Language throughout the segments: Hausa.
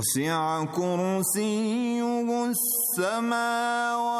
وسع كرسيه السماوات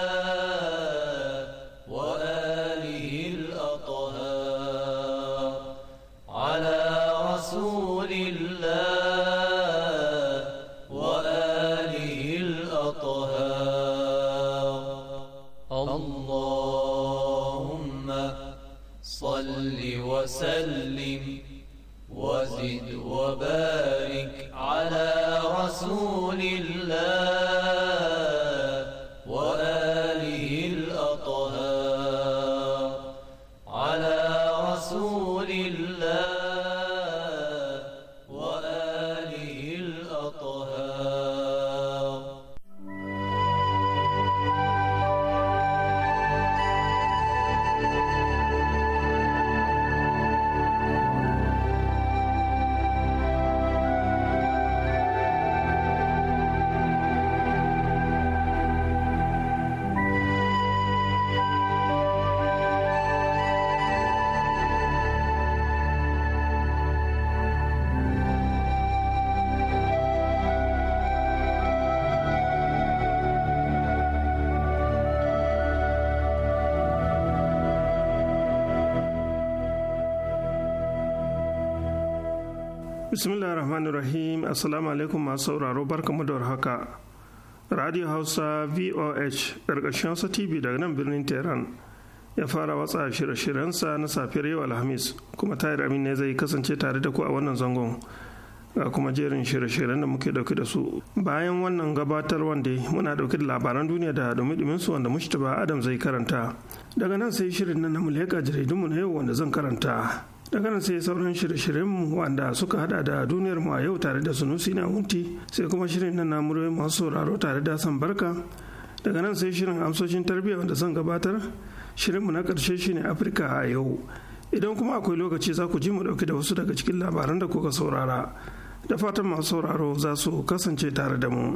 masu sauraro barkamu da haka. Radio Hausa VOH ƙarƙashin Hausa TV daga nan birnin Tehran ya fara watsa shirye-shiryensa na safiyar yau Alhamis kuma Tahir Amin ne zai kasance tare da ku a wannan zangon. ga kuma jerin shirye-shiryen da muke dauke da su bayan wannan gabatar wanda muna dauke da labaran duniya da dumi su wanda mushtaba adam zai karanta daga nan sai shirin nan na muleka jaridunmu na yau wanda zan karanta daga nan sai sauran shirye-shiryenmu wanda suka hada da duniyar mu a yau tare da sunusi na wunti sai kuma shirin na namurai masu sauraro tare da san barka daga nan sai shirin amsoshin tarbiyya wanda zan gabatar shirin mu na karshe shine afirka a yau idan kuma akwai lokaci za ku ji mu dauke da wasu daga cikin labaran da kuka saurara da fatan masu sauraro za su kasance tare da mu.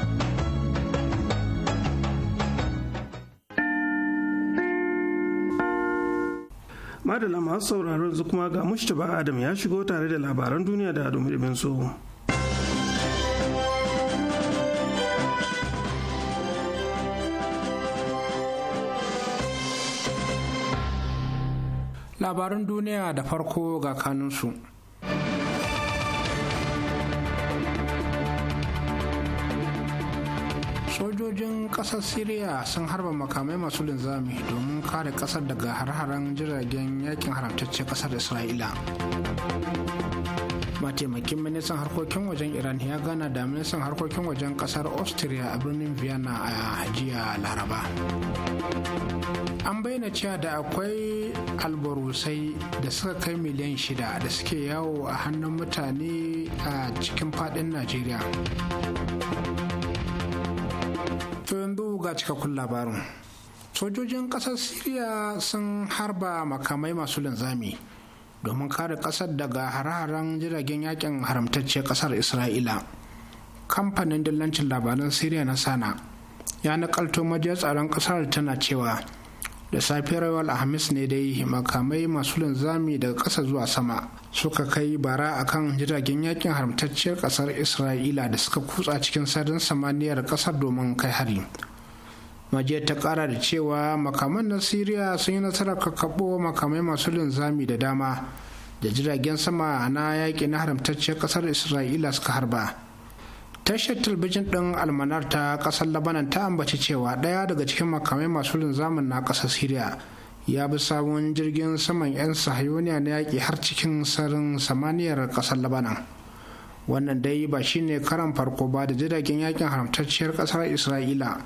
Madala masu sauraro yanzu kuma ga mushtaba adam ya shigo tare da labaran duniya da dumi su. labaran duniya da farko ga kanunsu sojojin ƙasar syria sun harba makamai masu linzami domin kare ƙasar daga har-haren jiragen yakin haramtacce ƙasar isra'ila mataimakin ministan harkokin wajen iran ya gana da ministan harkokin wajen ƙasar austria a birnin vienna a jiya laraba an bayyana cewa da akwai albarusai da suka kai miliyan shida da suke yawo a hannun mutane a cikin fadin najeriya to yanzu ga cikakkun labarin sojojin ƙasar siriya sun harba makamai masu linzami domin kare ƙasar daga hare-haren jiragen yakin haramtacce ƙasar isra'ila kamfanin dillancin labaran siriya na sana ya nakalto majiyar tsaron ƙasar tana cewa da safiyar rawar alhamis ne dai makamai masu linzami daga ƙasa zuwa sama suka kai bara a kan jiragen yakin haramtacciyar ƙasar isra'ila da suka kutsa cikin sadin samaniyar ƙasar domin kai hari majiya ta ƙara da cewa makaman na siriya sun yi nasarar makamai masu linzami da dama da jiragen sama na yaƙi na haramtacciyar ƙasar isra'ila suka harba tashar talbijin ɗin almanar ta ƙasar labanan ta ambaci cewa ɗaya daga cikin makamai masu linzamin na ƙasar syria ya bi sabon jirgin saman 'yan sahayoniya na yaki har cikin sarin samaniyar ƙasar labanan wannan dai ba shine karan farko ba da jiragen yakin haramtacciyar ƙasar isra'ila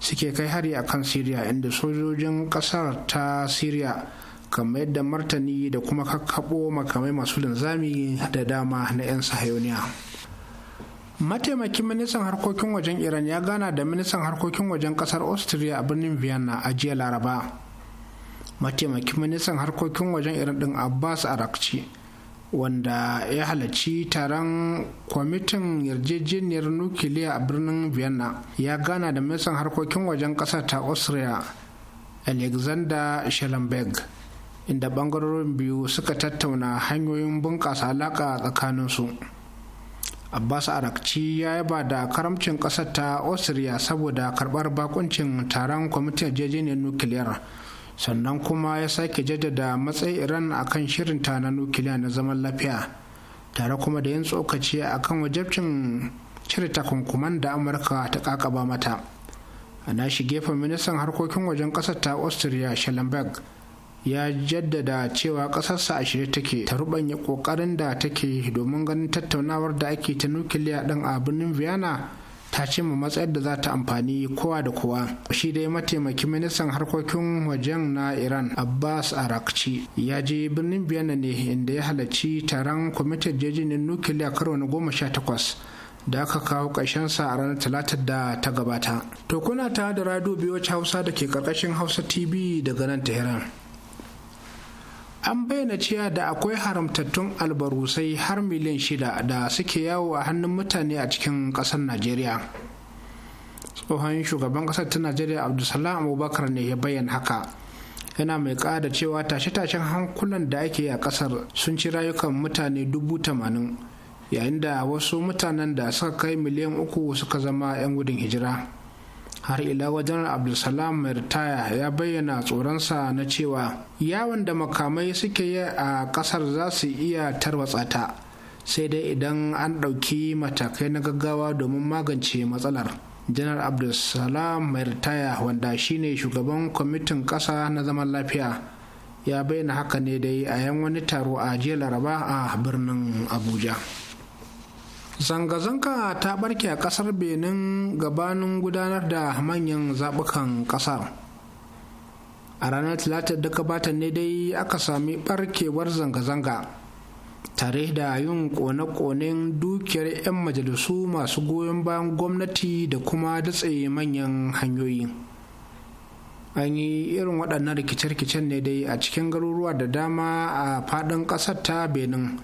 suke kai hari a kan syria inda sojojin ƙasar ta syria kamar yadda martani da kuma kakkaɓo makamai masu linzami da dama na 'yan sahayoniya mataimakin ministan harkokin wajen iran ya gana da ministan harkokin wajen kasar austria a birnin vienna a jiya laraba mataimakin ministan harkokin wajen iran ɗin abbas arakci wanda ya halarci taron kwamitin yarjejeniyar nukiliya a birnin vienna ya gana da ministan harkokin wajen kasar ta austria alexander schellenberg inda bangarorin biyu suka tattauna hanyoyin bunƙasa alaƙa tsakaninsu. su abbas arakci ya yaba da karamcin ƙasar ta austria saboda karɓar bakuncin taron kwamitin yarjejeniyar nukiliyar sannan kuma ya sake jaddada matsayi iran akan shirinta na nukiliya na zaman lafiya tare kuma da yin tsokaci akan wajabcin cire takunkuman da amurka ta kakaba mata ana nashi gefen ministan harkokin wajen kasar ta austria schellenberg ya jaddada cewa ƙasarsa a shirye take ta rubanya kokarin da take domin ganin tattaunawar da ake ta nukiliya ɗin a birnin vienna ta ce ma matsayar da za ta amfani kowa da kowa shi dai mataimakin ministan harkokin wajen na iran abbas arakci ya je birnin vienna ne inda ya halarci taron kwamitin jejinin nukiliya karo na goma sha takwas da aka kawo sa a ranar talatar da ta gabata to kuna ta da radio biyu hausa da ke karkashin hausa tv daga nan tehran an bayyana cewa da akwai haramtattun albarusai har miliyan shida da suke yawo a hannun mutane a cikin ƙasar najeriya tsohon shugaban ƙasar ta najeriya abdulsalam abubakar ne ya bayyana haka yana mai kada cewa tashe-tashen hankulan da ake yi a ƙasar sun ci rayukan mutane dubu tamanin yayin da wasu mutanen da suka kai miliyan uku suka zama 'yan gudun hijira har ila wajen abdulsalam mai ritaya ya bayyana tsoronsa na cewa yawon da makamai suke yi a kasar za su iya tarwatsa ta sai dai idan an ɗauki matakai na gaggawa domin magance matsalar janar abdulsalam mai ritaya wanda shine shugaban kwamitin ƙasa na zaman lafiya ya bayyana haka ne dai a yan wani taro a jiya laraba a birnin abuja zanga-zanga ta barke a kasar benin gabanin gudanar da manyan zabukan kasar a ranar talatar da gabata ne dai aka sami barkewar zanga-zanga tare da yin kone-konen dukiyar 'yan majalisu masu goyon bayan gwamnati da kuma datse manyan hanyoyi an yi irin waɗannan rikice-rikicen ne dai a cikin garuruwa da dama a faɗin ƙasar ta benin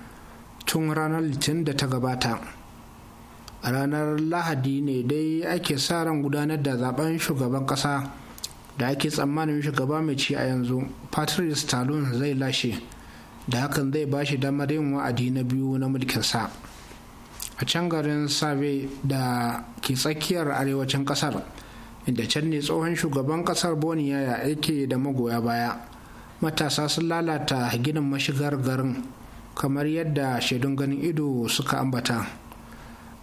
tun ranar litinin da ta gabata a ranar lahadi ne dai ake sa ran gudanar da zaben shugaban kasa da ake tsammanin shugaba mai ci a yanzu patrice talon zai lashe da hakan zai ba shi damar yin wa'adi na biyu na mulkinsa a can garin save da ke tsakiyar arewacin kasar inda can ne tsohon shugaban kasar boniya yake da magoya baya matasa sun lalata ginin mashigar garin kamar yadda shaidun ganin ido suka ambata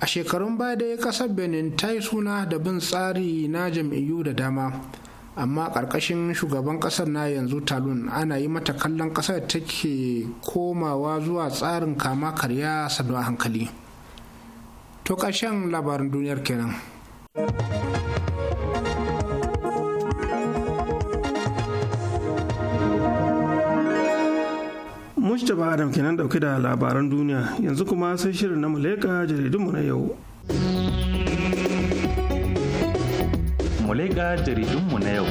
a shekarun baya dai kasar benin ta yi suna da bin tsari na jam'iyyu da dama amma ƙarƙashin shugaban ƙasar na yanzu talun ana yi mata kallon ƙasar take komawa zuwa tsarin kama karya sannu hankali to ƙarshen labarin duniyar kenan. Mustapha Adam kenan dauke da labaran duniya yanzu kuma sai shirin na Muleka jaridun mu na yau. Muleka jaridun mu na yau.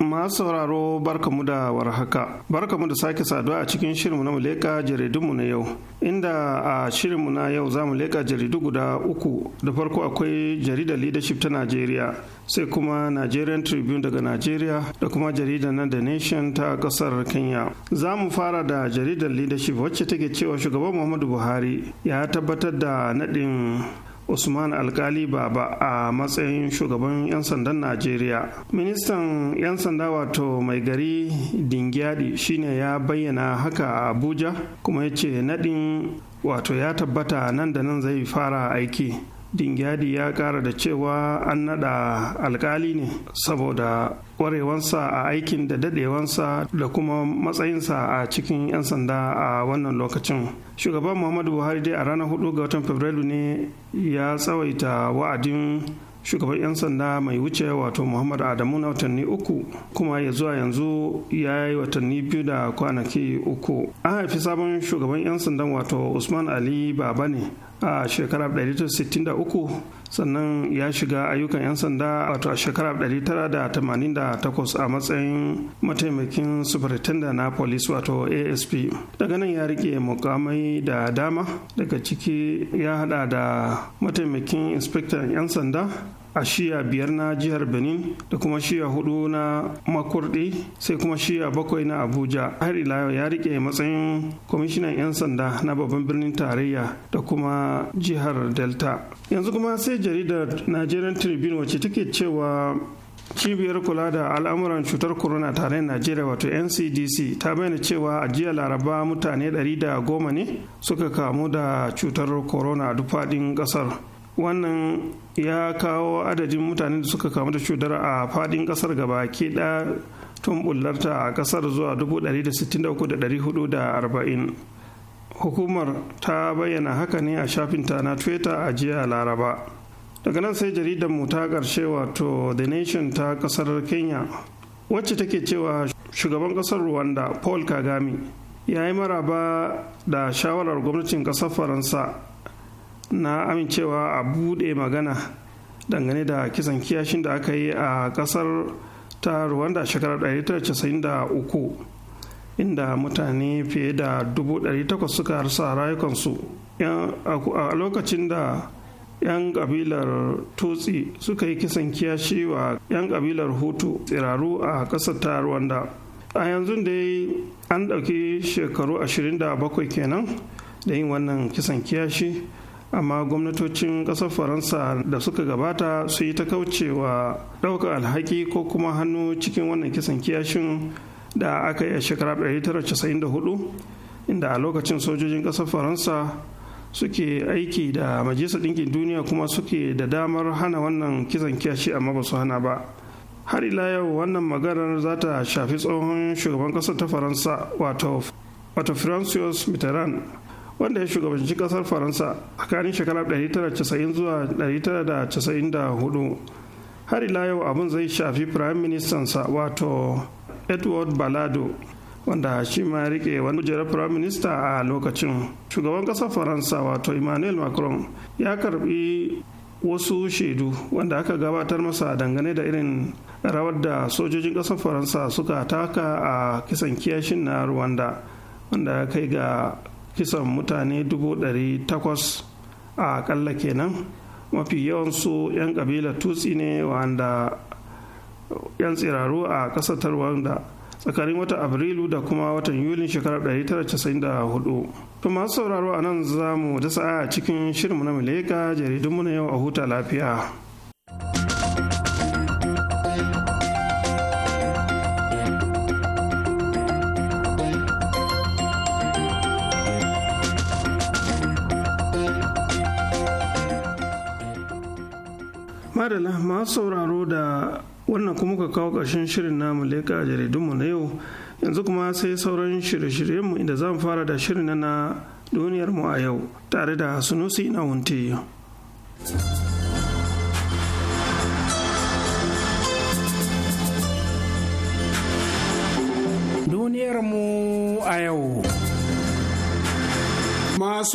Masu sauraro barkamu da warhaka. Barkamu da sake saduwa a cikin shirinmu na muleka jaridunmu na yau. Inda a shirinmu na yau za mu leka jaridu guda uku da farko akwai jaridar leadership ta Najeriya. sai kuma nigerian tribune daga nigeria da kuma jaridar na the nation ta kasar kenya za mu fara da jaridar leadership wacce take cewa shugaban muhammadu buhari ya tabbatar da nadin usman alkali baba a matsayin shugaban 'yan sandan najeriya ministan 'yan sanda wato mai gari dingyadi shine ya bayyana haka a abuja kuma ya ce nadin wato ya tabbata nan da nan zai fara aiki dingyadi ya kara da cewa an nada alkali ne saboda kwarewansa a aikin da dadewansa da kuma matsayinsa a cikin 'yan sanda a wannan lokacin shugaban muhammadu buhari dai a ranar 4 ga watan fabrairu ne ya tsawaita wa'adin shugaban 'yan sanda mai wuce wato Muhammadu adamu na watanni uku kuma ya zuwa yanzu ya yi watanni biyu da kwanaki uku an haifi sabon shugaban 'yan sandan wato usman ali baba ne a shekarar 1963 sannan ya shiga ayyukan 'yan sanda wato a shekarar 1988 a matsayin mataimakin superintendent na police wato asp daga nan ya rike mukamai da dama daga ciki ya hada da mataimakin inspector 'yan sanda a shiya biyar na jihar benin da kuma shiya hudu na makurdi sai kuma shiya bakwai na abuja har ila yau ya rike matsayin kwamishinan 'yan sanda na babban birnin tarayya da kuma jihar delta yanzu kuma sai jaridar nigerian tribune wacce take cewa cibiyar kula da al'amuran cutar corona tare najeriya wato ncdc ta bayyana cewa a jiya laraba mutane 110 ne suka kamu da cutar corona a duk faɗin ƙasar wannan ya kawo adadin mutanen da suka kamu da cutar a fadin kasar gaba ke da tun bullarta a kasar zuwa 163,440 hukumar ta bayyana haka ne a shafinta na twitter a jiya laraba daga nan sai jaridar mu ta karshe wato the nation ta kasar kenya wacce take cewa shugaban kasar rwanda paul kagame ya yi maraba da shawarar gwamnatin kasar faransa na amincewa a bude magana dangane da kisan kiyashin da aka yi a ƙasar ta rwanda shekarar 1993 inda mutane fiye da 800 suka rasa rayukansu a lokacin da 'yan kabilar tutsi suka yi kisan kiyashi wa 'yan kabilar hutu tsiraru a ƙasar ta rwanda a yanzu dai an ɗauki shekaru 27 kenan da yin wannan kisan kiyashi amma gwamnatocin ƙasar faransa da suka gabata su yi ta kaucewa ɗaukar alhaki ko kuma hannu cikin wannan kisan kiyashin da aka yi a shekara 1994 inda a lokacin sojojin ƙasar faransa suke aiki da majalisar ɗinkin duniya kuma suke da damar hana wannan kisan kiyashi amma ba su hana ba har ila yau wannan maganar za ta shafi tsohon shugaban ƙasar ta faransa wato francois mitterrand wanda ya shugabanci kasar faransa a tsakanin shekarar 1990 zuwa 1994 har ila yau abin zai shafi prime minister sa wato edward balado wanda shi ma rike wani kujerar prime minister a lokacin shugaban kasar faransa wato emmanuel macron ya karbi wasu shaidu wanda aka gabatar masa dangane da irin rawar da sojojin kasar faransa suka taka a kisan kiyashin na rwanda wanda kai ga kisan mutane dubu ɗari takwas a akalla kenan mafi yawansu 'yan ƙabilar tutsi ne wanda 'yan tsiraru a ƙasar wanda tsakanin watan afrilu da kuma watan yulin shekarar 1994 to masu sauraro a nan za mu dasa a cikin shirinmu na mileka jaridunmu na yau a huta lafiya madala masu sauraro da wannan kuma ka kawo ƙarshen shirin namu leƙa jaridunmu na yau yanzu kuma sai sauran shirye-shiryenmu inda zan fara da shirin na duniyarmu a yau tare da sunusi na wunte duniyarmu a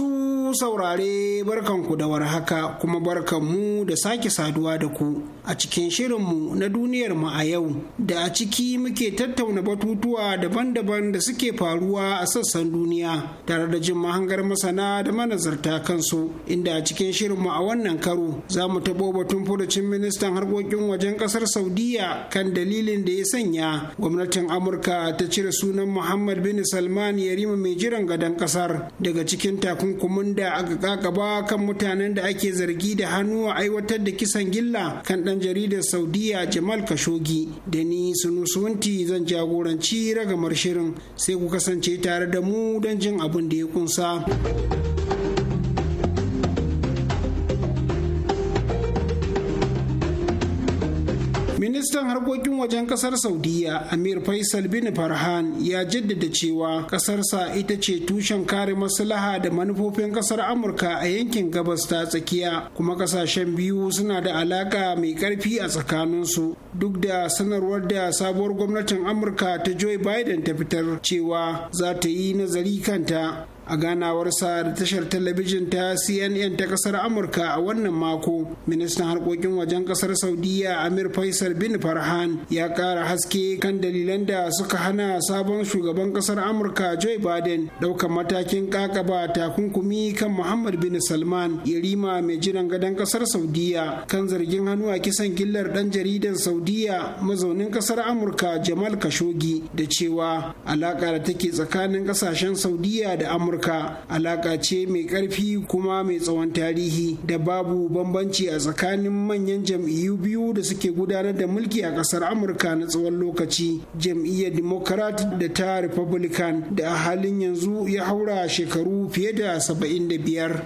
yau. Ku saurare barkanku da warhaka kuma barkanmu da sake saduwa da ku a cikin shirinmu na duniyar mu a yau da a ciki muke tattauna batutuwa daban-daban da suke faruwa a sassan duniya tare da jin mahangar masana da manazarta kansu inda a cikin shirinmu a wannan karo za mu taɓo batun furucin ministan harkokin wajen ƙasar saudiya kan dalilin da ya sanya gwamnatin amurka ta cire sunan muhammad bin salman yarima mai jiran gadon ƙasar daga cikin takunkumin da da aka kakaba kan mutanen da ake zargi da hannu a aiwatar da kisan gilla kan dan jaridar Saudiya Jamal kashogi Da ni sunusunti zan jagoranci ragamar shirin sai ku kasance tare da mu don jin abin da ya kunsa. ministan harkokin wajen kasar saudiya amir faisal bin farhan ya jaddada cewa kasarsa ita ce tushen kare maslaha da manufofin kasar amurka a yankin gabas ta tsakiya kuma kasashen biyu suna da alaka mai karfi a tsakaninsu duk da sanarwar da sabuwar gwamnatin amurka ta joe biden ta fitar cewa za ta yi nazari kanta a ganawarsa da tashar talabijin ta cnn ta kasar amurka a wannan mako ministan harkokin wajen kasar saudiya amir faisal bin farhan ya kara haske kan dalilan da suka hana sabon shugaban kasar amurka joe biden daukan matakin kakaba takunkumi kan muhammad bin salman yarima mai jiran gadon kasar saudiya kan zargin hannu a kisan gillar dan jaridan saudiya mazaunin kasar amurka jamal kashogi da cewa alaka da take tsakanin kasashen saudiya da amurka amurka alaka ce mai ƙarfi kuma mai tsawon tarihi da babu bambanci a tsakanin manyan jam'iyyu biyu da suke gudanar da mulki a ƙasar amurka na tsawon lokaci jam'iyyar democrat da ta republican da a halin yanzu ya haura shekaru fiye da 75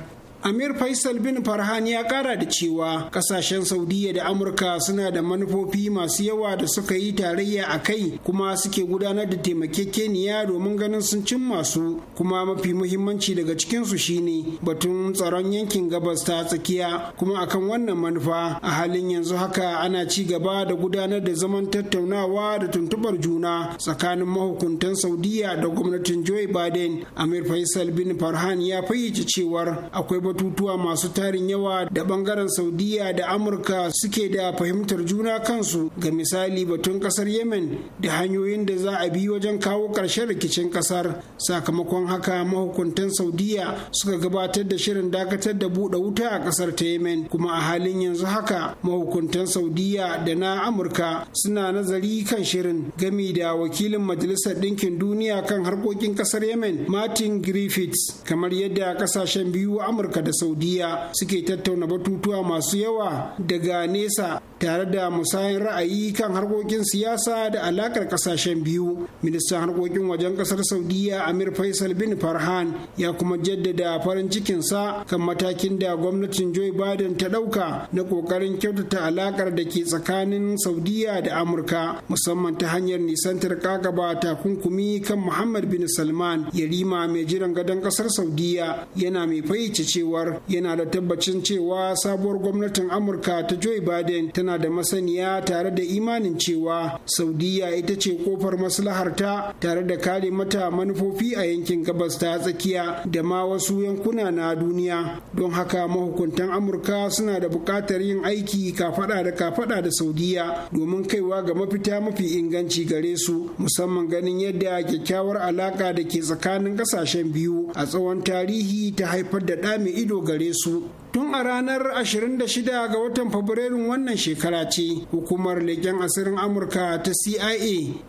amir faisal bin farhan ya kara da cewa kasashen saudiya da amurka suna da manufofi masu yawa da suka yi tarayya a kai kuma suke gudanar da taimakekeniya domin ganin sun cin masu kuma mafi muhimmanci daga cikinsu shine batun tsaron yankin gabas ta tsakiya kuma akan wannan manufa a halin yanzu haka ana ci gaba da gudanar da zaman tattaunawa da tuntubar juna tsakanin mahukuntan saudiya da gwamnatin joe biden amir faisal bin farhan ya fayyace cewar akwai batutuwa masu tarin yawa da bangaren saudiya da amurka suke da fahimtar juna kansu ga misali batun kasar yemen da hanyoyin da za a bi wajen kawo ƙarshen rikicin kasar sakamakon haka mahukuntan saudiya suka gabatar da shirin dakatar da buɗe wuta a kasar ta yemen kuma a halin yanzu haka mahukuntan saudiya da na amurka suna nazari kan shirin gami da wakilin majalisar ɗinkin duniya kan harkokin kasar yemen martin griffiths kamar yadda kasashen biyu amurka da saudiya suke tattauna batutuwa masu yawa daga nesa tare da musayin ra'ayi kan harkokin siyasa da alakar kasashen biyu ministan harkokin wajen kasar saudiya amir faisal bin farhan ya kuma jaddada farin cikinsa kan matakin da gwamnatin joe biden ta ɗauka na ƙoƙarin kyautata alakar da ke tsakanin saudiya da amurka musamman ta hanyar nisantar kakaba takunkumi kan muhammad bin salman yarima mai jiran gadon kasar saudiya yana mai fayyace cewa cewar yana da tabbacin cewa sabuwar gwamnatin amurka ta joe biden tana da masaniya tare da imanin cewa saudiya ita ce kofar maslaharta tare da kare mata manufofi a yankin gabas ta tsakiya da ma wasu yankuna na duniya don haka mahukuntan amurka suna da buƙatar yin aiki kafaɗa da kafaɗa da saudiya domin kaiwa ga mafita mafi inganci gare su musamman ganin yadda kyakkyawar alaƙa da ke tsakanin ƙasashen biyu a tsawon tarihi ta haifar da ɗami' ido gare su tun a ranar 26 ga watan fabrairun wannan shekara ce hukumar leƙen asirin amurka ta cia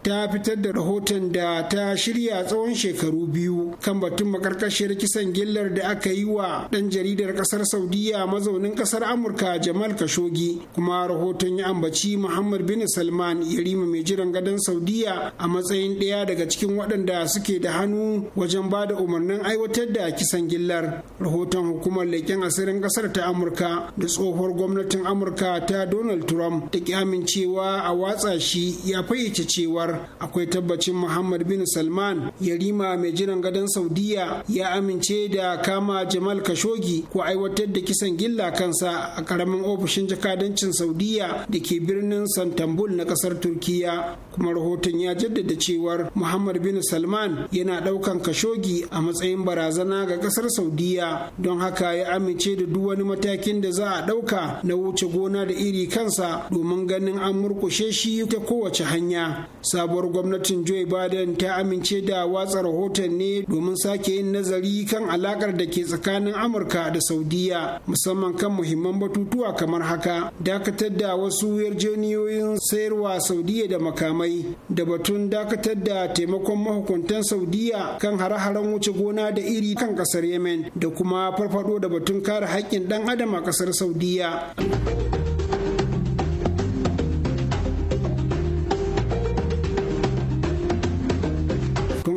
ta fitar da rahoton da ta shirya tsawon shekaru biyu kan batun makarkashiyar kisan gillar da aka yi wa ɗan jaridar ƙasar saudiya mazaunin ƙasar amurka jamal kashogi kuma rahoton ya ambaci muhammad bin salman yarima mai jiran gadon saudiya a matsayin ɗaya daga cikin waɗanda suke da hannu wajen ba da umarnin aiwatar da kisan gillar rahoton hukumar leƙen asirin ƙasar kasar ta amurka da tsohuwar gwamnatin amurka ta donald trump da ki amincewa a watsa shi ya fayyace cewar akwai tabbacin muhammad bin salman yarima mai jiran gadon saudiya ya amince da kama jamal kashogi ko aiwatar da kisan gilla kansa a karamin ofishin jakadancin saudiya da ke birnin santambul na kasar turkiya kuma rahoton ya jaddada cewar muhammad bin salman yana ɗaukan kashogi a matsayin barazana ga kasar saudiya don haka ya amince da duk wani matakin da za a ɗauka na wuce gona da iri kansa domin ganin an murkushe shi ta kowace hanya sabuwar gwamnatin joe biden ta amince da watsa rahoton ne domin sake yin nazari kan alakar da ke tsakanin amurka da saudiya musamman kan muhimman batutuwa kamar haka dakatar da wasu yarjejeniyoyin sayarwa saudiya da makamai da batun dakatar da taimakon mahukuntan saudiya kan hare-haren wuce gona da iri kan ƙasar yemen da kuma farfado da batun kare haƙƙi haƙƙin ɗan adam a ƙasar saudiya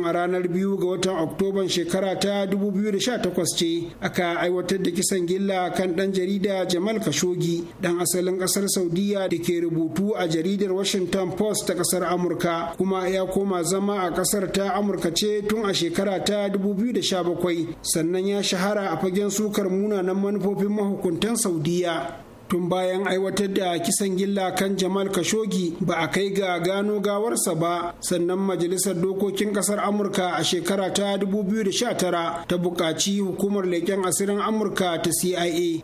a ranar biyu ga watan oktoban shekara ta 2018 ce aka aiwatar da kisan gilla kan ɗan jarida jamal kashogi dan asalin ƙasar saudiya da ke rubutu a jaridar washington post ta ƙasar amurka kuma ya koma zama a ƙasar ta amurka ce tun a shekara ta 2017 sannan ya shahara a fagen sukar munanan manufofin mahukuntan saudiya tun bayan aiwatar da kisan gilla kan jamal kashogi ba a kai ga gano gawarsa ba sannan majalisar dokokin kasar amurka a shekara ta 2019 ta buƙaci hukumar leƙen asirin amurka ta cia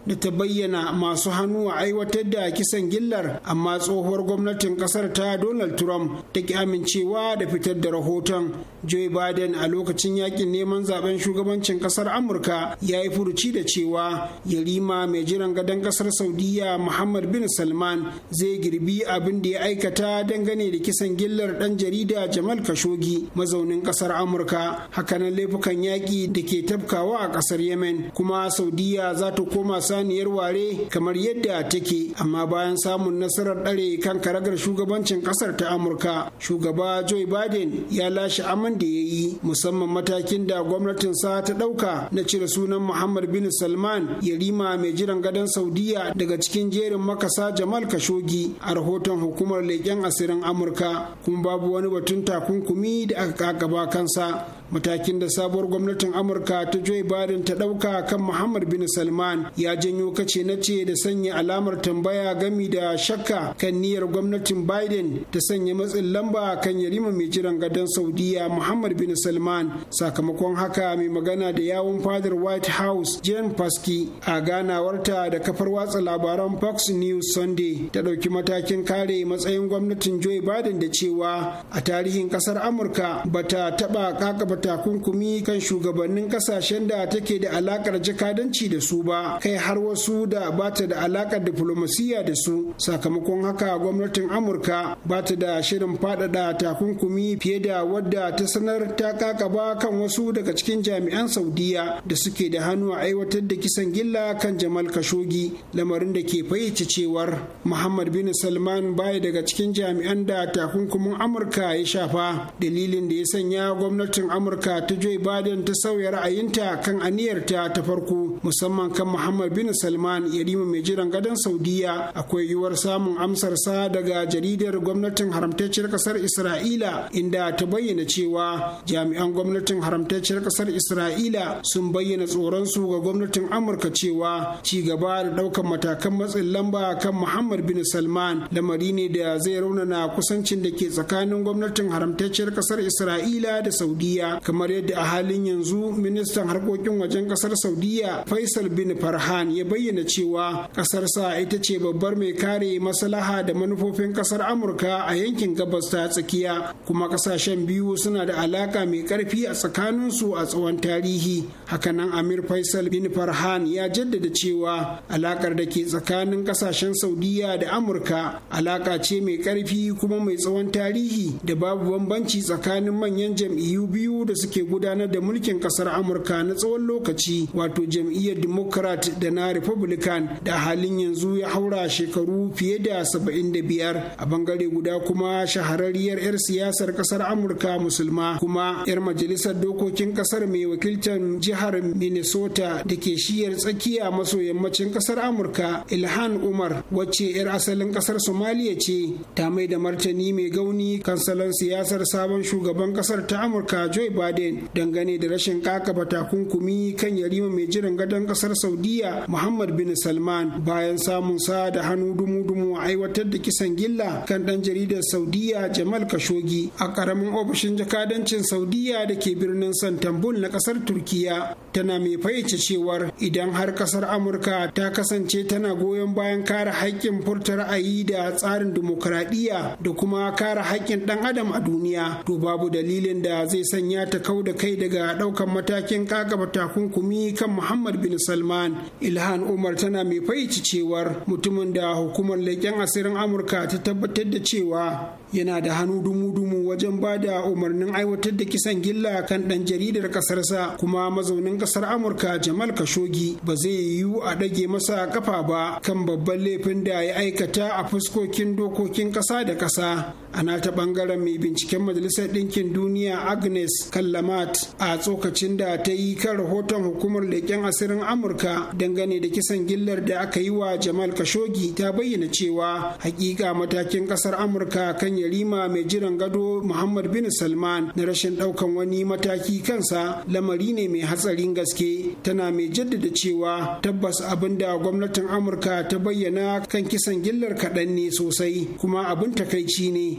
da ta bayyana masu hannu a aiwatar da kisan gillar amma tsohuwar gwamnatin kasar ta donald trump ta ki amincewa da fitar da rahoton joe biden a lokacin yakin neman zaben shugabancin kasar amurka ya yi furuci da cewa yarima mai jiran gadon kasar saudiya saudiya muhammad bin salman zai girbi abin da ya aikata dangane da kisan gillar dan jarida jamal kashogi mazaunin kasar amurka hakanan laifukan yaƙi da ke tafkawa a kasar yemen kuma saudiya za ta koma saniyar ware kamar yadda take amma bayan samun nasarar ɗare kan karagar shugabancin kasar ta amurka shugaba joe biden ya lashe aman da ya yi musamman matakin da gwamnatin sa ta ɗauka na cire sunan muhammad bin salman yarima mai jiran gadon saudiya daga cikin jerin makasa Jamal kashogi a rahoton hukumar leƙen asirin Amurka kuma babu wani batun takunkumi da aka kakaba kansa matakin da sabuwar gwamnatin amurka ta joe biden ta ɗauka kan muhammad bin salman ya janyo kace na ce da sanya alamar tambaya gami da shakka kan niyyar gwamnatin biden ta sanya matsin lamba kan yarima mai jiran gadon saudiya muhammad bin salman sakamakon haka mai magana da yawun fadar white house jen paski a ganawarta da kafar watsa labaran fox news sunday ta ɗauki matakin kare matsayin gwamnatin joe biden da cewa a tarihin ƙasar amurka bata taɓa kakaba takunkumi kan shugabannin kasashen da take da alakar jakadanci da su ba kai har wasu da bata da alakar diflomasiyya da su sakamakon haka gwamnatin amurka ba ta da shirin faɗaɗa takunkumi fiye da wadda ta sanar ta kakaba kan wasu daga cikin jami'an saudiya da suke da hannu a aiwatar da kisan gilla kan jamal kashogi lamarin da ke fayyace cewar muhammad bin salman baya daga cikin jami'an da takunkumin amurka ya shafa dalilin da ya sanya gwamnatin amurka amurka ta joe biden ta sauya ra'ayinta kan aniyarta ta farko musamman kan muhammad bin salman yarima mai jiran gadon saudiya akwai yiwuwar samun amsarsa daga jaridar gwamnatin haramtacciyar ƙasar isra'ila inda ta bayyana cewa jami'an gwamnatin haramtacciyar ƙasar isra'ila sun bayyana tsoron su ga gwamnatin amurka cewa ci gaba da ɗaukan matakan matsin lamba kan muhammad bin salman lamari ne da zai raunana kusancin da ke tsakanin gwamnatin haramtacciyar ƙasar isra'ila da saudiya kamar yadda a halin yanzu ministan harkokin wajen kasar saudiya faisal bin farhan ya bayyana cewa sa ita ce babbar mai kare maslaha da manufofin kasar amurka a yankin gabas ta tsakiya kuma kasashen biyu suna da alaka mai karfi a tsakaninsu a tsawon tarihi hakanan amir faisal bin farhan ya jaddada cewa alakar da ke tsakanin kasashen saudiya da amurka alaka ce mai karfi kuma mai tsawon tarihi da babu bambanci tsakanin manyan jam'iyyu biyu da suke gudanar da mulkin kasar amurka na tsawon lokaci wato jam'iyyar democrat da na republican da halin yanzu ya haura shekaru fiye da saba'in da biyar a bangare guda kuma shahararriyar 'yar siyasar kasar amurka musulma kuma 'yar majalisar dokokin kasar mai wakiltar jihar minnesota da ke shiyar tsakiya maso yammacin kasar amurka ilhan umar wacce 'yar asalin kasar somaliya ce ta mai da martani mai gauni kansalan siyasar sabon shugaban kasar ta amurka joe baden dangane da rashin kakaba takunkumi kan yarima mai jiran gadon kasar saudiya muhammad bin salman bayan samun sa da hannu dumu-dumu a aiwatar da kisan gilla kan dan jaridar saudiya jamal kashogi a karamin ofishin jakadancin saudiya da ke birnin santambul na kasar turkiya tana mai fayyace cewar idan har kasar amurka ta kasance tana goyon bayan kare haƙƙin furta ra'ayi da tsarin dimokuraɗiyya da kuma kare haƙƙin ɗan adam a duniya to babu dalilin da zai sanya ya ta kau da kai daga ɗaukan matakin ƙaƙaba takunkumi kan Muhammad bin Salman. Ilhan Umar tana mai faici cewar mutumin da hukumar leƙen asirin Amurka ta tabbatar da cewa yana da hannu dumu-dumu wajen ba da umarnin aiwatar da kisan gilla kan ɗan jaridar ƙasarsa kuma mazaunin ƙasar amurka jamal kashogi ba zai yiwu a ɗage masa ƙafa ba kan babban laifin da ya aikata a fuskokin dokokin ƙasa da ƙasa ana ta ɓangaren mai binciken majalisar ɗinkin duniya agnes kallamat a tsokacin da ta yi kan rahoton hukumar leƙen asirin amurka dangane da kisan gillar da aka yi wa jamal kashogi ta bayyana cewa hakika matakin ƙasar amurka kan yarima mai jiran gado Muhammad bin Salman na rashin daukan wani mataki kansa lamari ne mai hatsarin gaske tana mai jaddada cewa tabbas abin da gwamnatin Amurka ta bayyana kan kisan gillar kaɗan ne sosai kuma abin takaici ne.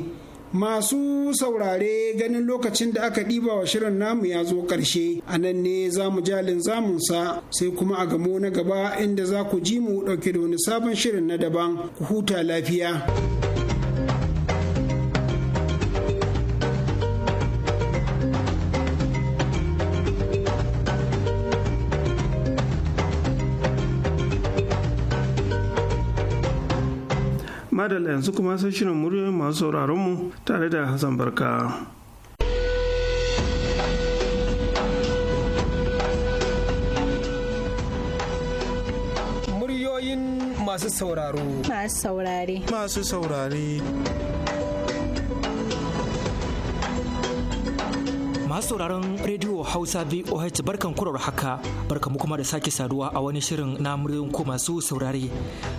Masu saurare ganin lokacin da aka ɗiba wa shirin namu ya zo ƙarshe, a nan ne za mu jalin zamunsa sai kuma a gamo na gaba inda za ku ji mu ɗauke da wani sabon shirin na daban ku huta lafiya. madalla yanzu kuma sai shirin muryoyin masu sauraron mu tare da Hassan Barka. Muryoyin masu sauraro. Masu saurare. Masu saurare. Masu sauraron rediyo Hausa VOH barkan kurar haka barka kuma da sake saduwa a wani shirin na muryoyin ko masu saurare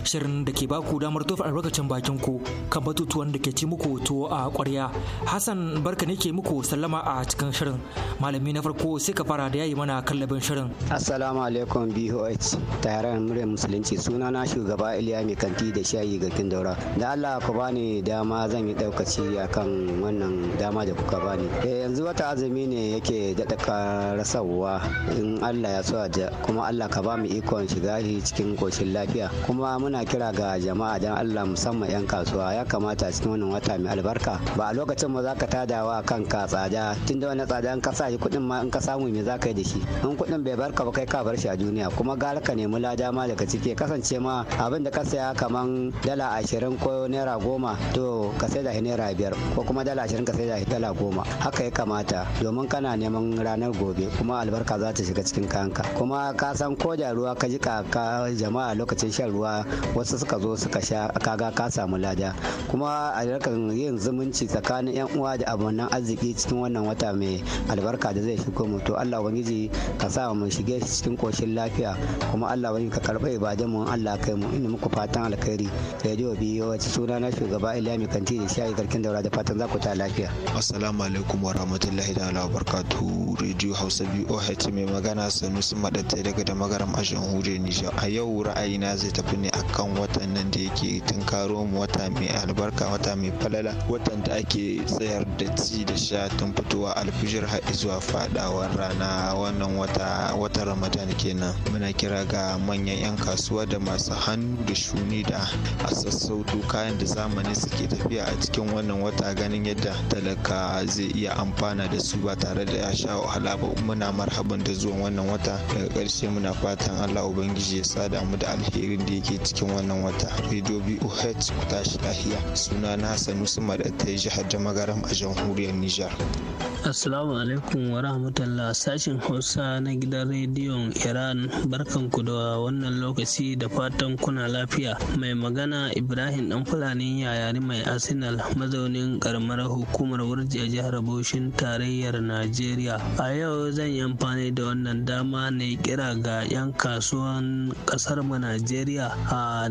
shirin da ke baku damar tofa albarkacin bakin ku kan batutuwan da ke ci muku tuwo a ƙwarya. Hassan barka ne ke muku sallama a cikin shirin malami na farko sai ka fara da yayi mana kallabin shirin. Assalamu alaikum VOH Tayaran muryar musulunci suna na shugaba Iliya mai kanti da shayi ga daura da Allah ku bani dama zan yi daukaci akan wannan dama da kuka bani. Eh, yanzu wata azumi kalmomi ne yake daɗa karasarwa in allah ya so kuma allah ka ba mu ikon shiga cikin ƙoshin lafiya kuma muna kira ga jama'a don allah musamman 'yan kasuwa ya kamata cikin wannan wata mai albarka ba a lokacin ma za ka tadawa kanka tsada tun da wani tsada in ka sa shi kuɗin ma in ka samu me za ka yi da shi in kuɗin bai barka ba kai ka bar shi a duniya kuma ga ka nemi lada ma daga ciki kasance ma abin da ka saya kaman dala ashirin ko naira goma to ka sai da shi naira biyar ko kuma dala ashirin ka sai da shi dala goma haka ya kamata domin kana neman ranar gobe kuma albarka za ta shiga cikin kanka kuma ka san ko da ruwa ka ji ka jama'a lokacin shan ruwa wasu suka zo suka sha kaga ka samu lada kuma albarkan yin zumunci tsakanin yan uwa da abunan arziki cikin wannan wata mai albarka da zai shigo mu to Allah ubangiji ka sa mu shige cikin koshin lafiya kuma Allah ubangiji ka karɓa ibadan mu Allah kai mu ina muku fatan alkhairi radio biyo wace suna na shugaba Ilyami Kanti da shayi garkin daura da fatan za ku ta lafiya assalamu alaikum wa rahmatullahi ta'ala Allah barkatu radio hausa boh mai magana sanusi madatta daga da magaram a jamhuriyar nijar a yau ra'ayi na zai tafi ne akan watan nan da yake karo mu wata mai albarka wata mai falala watan da ake tsayar da ci da sha tun fitowa alfijir har zuwa fadawar rana wannan wata watan ramadan kenan muna kira ga manyan yan kasuwa da masu hannu da shuni da a sassauto kayan da zamani suke tafiya a cikin wannan wata ganin yadda talaka zai iya amfana da su ba. ba tare da ya sha wahala ba muna marhaban da zuwan wannan wata daga karshe muna fatan allah ubangiji ya sada mu da alherin da yake cikin wannan wata radio boh ku tashi lahiya suna na hassan usman da ta jihar da a jamhuriyar nijar assalamu alaikum wa rahmatullah sashen hausa na gidan rediyon iran barkanku da wannan lokaci da fatan kuna lafiya mai magana ibrahim dan fulani yayari mai arsenal mazaunin karamar hukumar wurji a jihar bauchin tarayyar Najeriya. A yau zan yi amfani da wannan dama ne kira ga 'yan kasuwan ƙasar mu Najeriya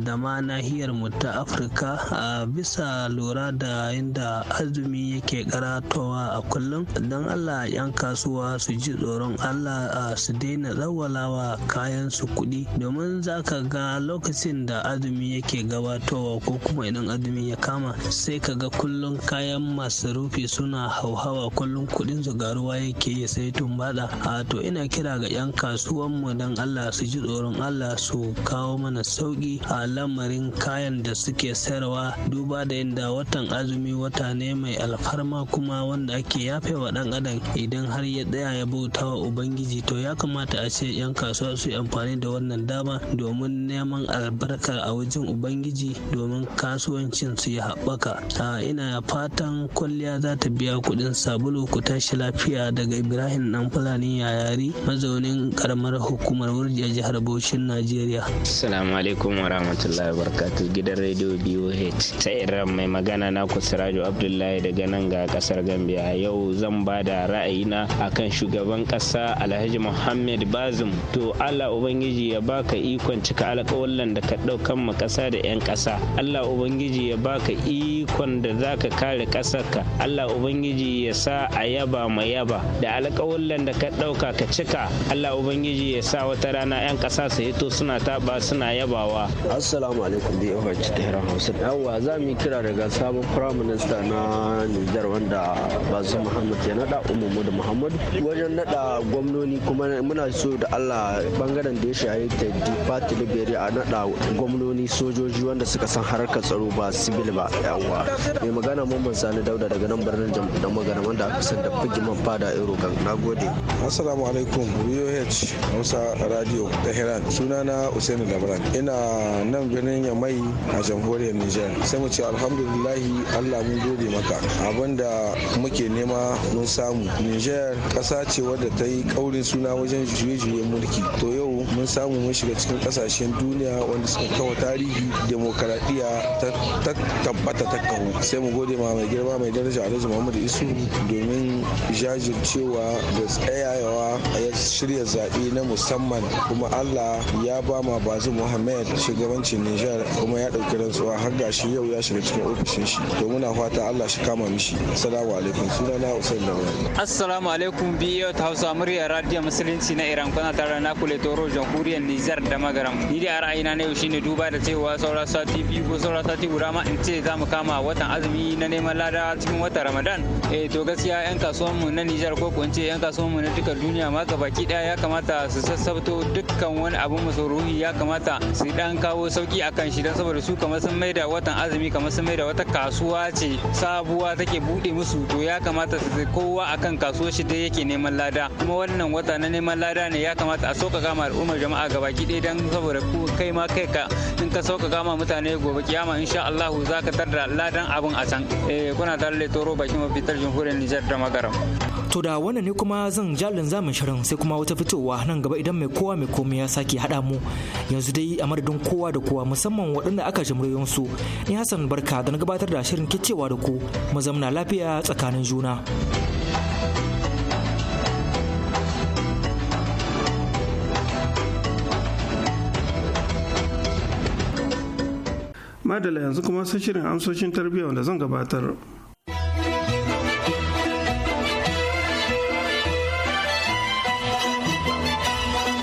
da ma nahiyar mu ta Afirka a bisa lura da inda azumi yake karatowa a kullum. Don Allah 'yan kasuwa su ji tsoron Allah su daina tsawalawa kayan su kuɗi domin za ka ga lokacin da azumi yake gabatowa ko kuma idan azumi ya kama sai ka ga kullum kayan masarufi suna hauhawa kullum kuɗin su ruwa yake ya sai tumbada a to ina kira ga 'yan mu don allah su ji tsoron allah su kawo mana sauki a lamarin kayan da suke sayarwa duba da inda watan azumi wata ne mai alfarma kuma wanda ake yafe wa dan adam idan har ya tsaya ya bauta wa ubangiji to ya kamata a ce 'yan kasuwa su amfani da wannan dama domin neman albarka a wajen ubangiji domin kasuwancin su ya haɓaka ina fatan kwalliya za ta biya kuɗin sabulu ku tashi lafiya lafiya daga Ibrahim dan Fulani Yayari mazaunin karamar hukumar Wurji a jihar Bauchin Najeriya. Assalamu alaikum wa rahmatullahi wa gidan rediyo BOH ta Iran mai magana na Siraju Abdullahi daga nan ga kasar Gambia yau zan ba da ra'ayina akan shugaban kasa Alhaji Muhammad Bazum to Allah ubangiji ya baka ikon cika alƙawallan da ka ɗaukan ma ƙasa da 'yan ƙasa Allah ubangiji ya baka ikon da zaka kare ka? Allah ubangiji ya sa a yaba mai yaba da alƙawullan da ka ɗauka ka cika Allah ubangiji ya sa wata rana 'yan ƙasa su hito suna taba suna yabawa assalamu alaikum ci ta tehran hausa yawwa za mu kira daga sabon prime minister na nijar wanda bazu muhammad ya naɗa umumu da muhammad wajen naɗa gwamnoni kuma muna so da allah bangaren da ya shayi ta dipati liberia a nada gwamnoni sojoji wanda suka san harkar tsaro ba sibil ba yawwa mai magana mamman sani dauda daga nan birnin jamhuriyar magana wanda aka san da usman fada erogan na gode assalamu alaikum voh hausa radio tehran sunana usaini labran ina nan birnin ya mai a jamhuriyar niger sai mu ce alhamdulillahi allah mun gode maka abinda muke nema mun samu niger kasa ce wadda ta yi kaurin suna wajen juye juye mulki to yau mun samu mun shiga cikin kasashen duniya wanda suka kawo tarihi demokaradiyya ta tabbata ta kawo sai mu gode ma mai girma mai daraja alhaji muhammadu isu domin jajircewa da tsayawa a ya shirya zaɓe na musamman kuma allah ya ba ma bazu muhammad shugabancin nijar kuma ya ɗauki rantsuwa har shi yau ya shiga cikin ofishin shi to muna fata allah shi kama mishi assalamu alaikum sunana usain labarai assalamu alaikum biyo ta hausa murya radio musulunci na iran kuna tare na kule toro jamhuriyar nijar da magaram ni da ra'ayina na yau shine duba da cewa saura sati biyu ko saura sati guda ma in ce za mu kama watan azumi na neman lada cikin watan ramadan eh to gaskiya yan kasuwan mu na Nijar ko kuma ce 'yan kasuwan mu na duka duniya ma gabaki daya ya kamata su sassabto dukkan wani abu masaruhi ya kamata su dan kawo sauki akan shi dan saboda su kamar sun maida watan azumi kamar sun maida wata kasuwa ce sabuwa take bude musu to ya kamata su kowa akan kasuwar shi dai yake neman lada kuma wannan wata na neman lada ne ya kamata a sauƙaƙa ma al'ummar jama'a gabaki daya dan saboda kai ma kai ka in ka sauƙaƙa ma mutane gobe kiyama insha Allah za ka tarda ladan abun a can eh kuna tare da toro bakin mafitar jamhuriyar Nijar da Magaram. To da wannan ne kuma zan jalin zamin shirin sai kuma wata fitowa nan gaba idan mai kowa mai komai ya sake haɗa mu yanzu dai a madadin kowa da kowa musamman waɗanda aka jimriyon su ni Hassan Barka da na gabatar da shirin kicewa da ku mu zamna lafiya tsakanin juna. Madala yanzu kuma sun shirin amsoshin tarbiyya wanda zan gabatar.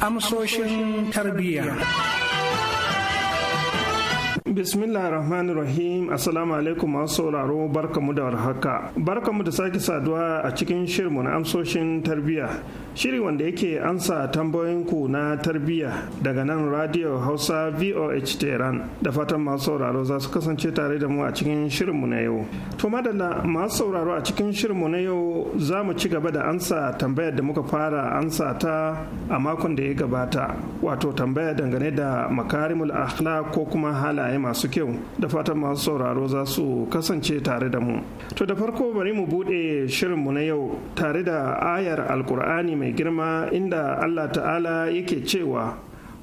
amsoshin tarbiyya. Bismillah ar-Rahman rahim Assalamu alaikum masu sauraro barkamu da warhaka. Barkamu da sake saduwa a cikin shirmu na amsoshin tarbiyya. shiri wanda yake ansa tambayoyinku na tarbiyya daga nan Radio Hausa VOH Tehran da fatan masu sauraro za su kasance tare da mu a cikin shirinmu na yau. To madalla masu sauraro a cikin shirinmu na yau za mu ci gaba da ansa tambayar da muka fara ansa ta a makon da ya gabata wato tambaya dangane da makarimul akhla ko kuma halaye masu kyau da fatan masu sauraro za su kasance tare da mu. To da farko bari mu buɗe mu na yau tare da ayar Alkur'ani mai mai girma inda Allah ta'ala yake cewa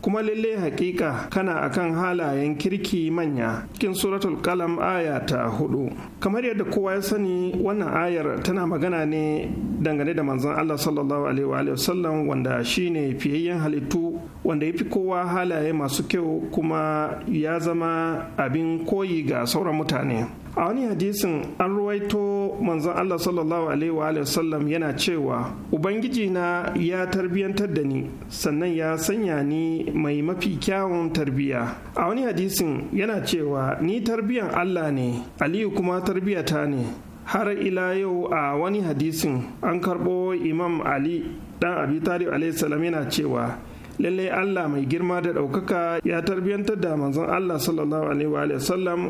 kuma lalle hakika kana akan halayen kirki manya cikin suratul kalam aya ta hudu kamar yadda kowa ya sani wannan ayar tana magana ne dangane da manzon Allah sallallahu alaihi wa sallam wanda shine fiyayyen halittu wanda ya fi kowa halaye masu kyau kuma ya zama abin koyi ga sauran mutane a wani hadisin an ruwaito manzon Allah sallallahu alaihi wa sallam yana cewa ubangiji na ya tarbiyantar da ni sannan ya sanya ni mai mafi kyawun tarbiya a wani hadisin yana cewa ni tarbiyan Allah ne aliyu kuma tarbiyata ne har ila yau a wani hadisin an karɓo imam ali dan abi talib alaihi salam yana cewa lallai Allah mai girma da ɗaukaka ya tarbiyantar da manzon Allah sallallahu alaihi